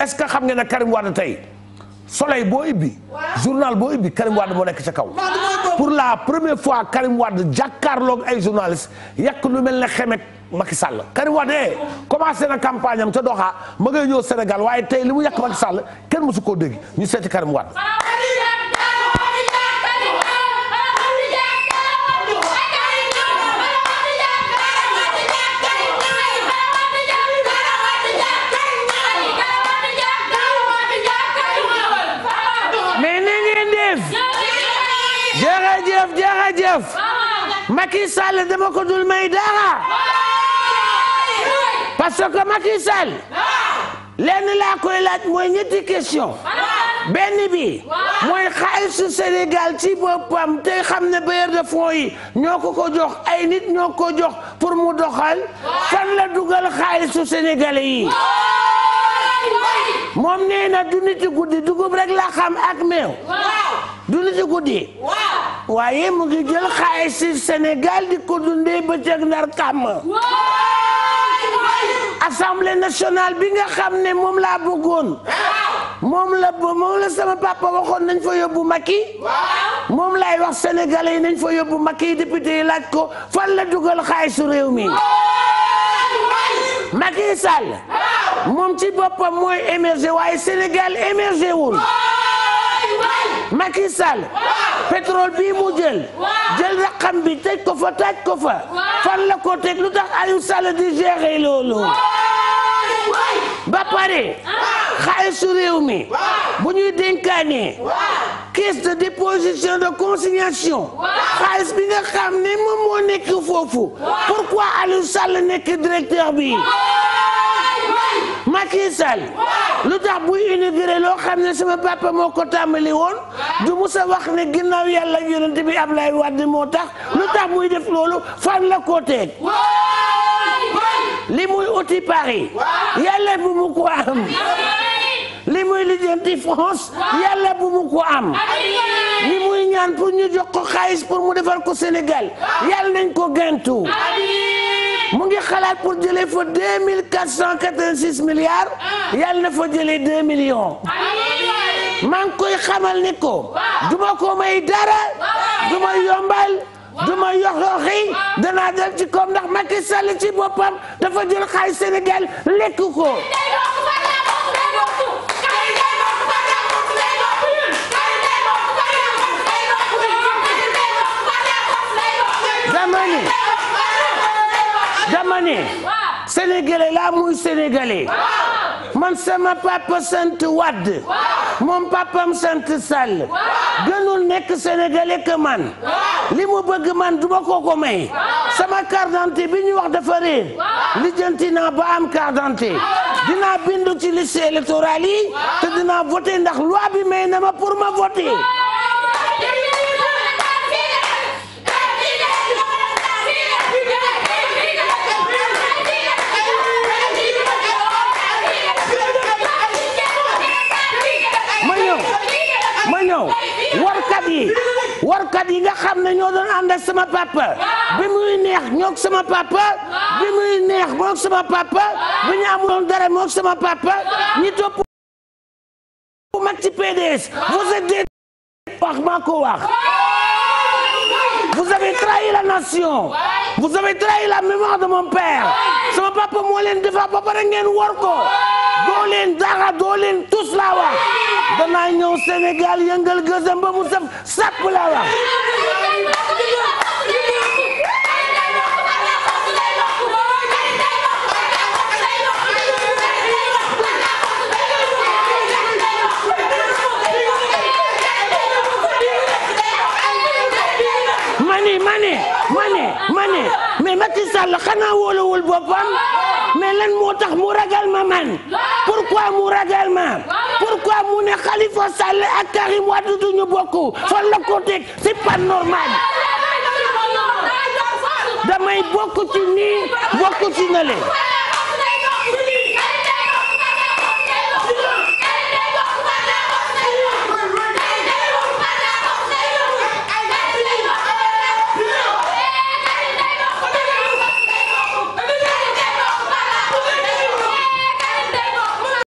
est-ce que xam ngeen na Karim Wade tey soleil boo ibbi journal boo ibbi Karim Wade moo nekk ca kaw. pour la première fois Karim Wade jàkkaarloog ay journaliste yàq lu mel ne xemek Macky sàll Karim Wade eh, commencé na campagne am ca ma ngay ñëw Sénégal waaye tey li mu yàq Macky Sall kenn mësu koo dégg ñu seeti Karim Wade. def Macky Sall dama ko dul may dara parce que lenn laa koy laaj mooy ñetti question benn bi mooy xaalisu Sénégal ci boppam tey xam ne bailleur de fonds yi ñoo ko ko jox ay nit ñoo ko jox pour mu doxal fan la dugal xaalisu sénégalais yi moom nee du nit guddi dugub rek la xam ak meew du nit guddi waaye mu ngi jël xaalis Sénégal di ko dundee bëccëg ndar kàmm assemblée nationale bi nga xam ne moom laa bëggoon moom la moom la sama papa waxoon nañ fa yóbbu Macky moom laay wax sénégalais nañ fa yóbbu Macky député yi laaj ko fan la dugal xaalisu réew mi Macky Sall moom ci boppam mooy émerger waaye Sénégal émerger Macky Sall pétrole bii mu jël jël raqam bi tëj ko fa taaj ko fa fan la ko teg lu tax Aliou Sall di gérer loolu ba pare ah. xaalisu réew mi bu ñuy dénkaane caisse de déposition de consignation xaalis bi nga xam ne moom moo nekk foofu pourquoi Aliou Sall nekk directeur bi Macky lu tax buy inauguré loo xam ne sama papa moo ko tàmbali woon du musa wax ne ginnaaw yàlla yonent bi Ablaye Wade moo tax lu tax muy def loolu fan la ko teg li muy uti Paris yàlla bu mu ko am li muy lijjanti France yàlla bu mu ko am li muy ñaan pour ñu jox ko xaalis pour mu defal ko Sénégal yàlla nañ ko gëntu mu ngi xalaat pour jëlee fa deux mille quatre cent quatre-vingt-six milliards ah. yàlla na fa jëlee deux millions maa ngi koy xamal ni ko du ma ko may dara du ma yombal du ma yoxooxi danaa dal ci koom ndax Macky Sall ci boppam dafa jël xaalis Sénégal lekk ko ne sénégalais laa muy sénégalais man sama papa sant Wade moom papam sant Sall gënul nekk sénégalais que man li mu bëgg man du ma ko may sama carte bi ñu wax dafa réer lijjanti naa ba am carte d'identité dinaa bindu ci liste électorale yi te dinaa voté ndax loi bi may na ma pour ma voté warkat yi nga xam ne ñoo doon ànd ak sama papa bi muy neex ñoog sama papa bi muy sama papa bi ñu amuloon dara moog sama papa ñi topp mag ci PDS vous êtes des wax maa ko vous avez trahi la nation vous avez trahi la mémoire de mon père sama papa moo leen defar ba pare ngeen ko doo leen dara doo leen tus laa wax danaa ñëw Sénégal yëngal gësëm ba mu saf sàpp laa wax mani mani mani mani mais Macky Sall xanaa wóolawul boppam mais moo tax mu ragal ma man pourquoi mu ragal ma pourquoi mu ne Khalifa Sall ak Karim Wade bokk fan la ko teg damay bokk ci nii bokk ci nale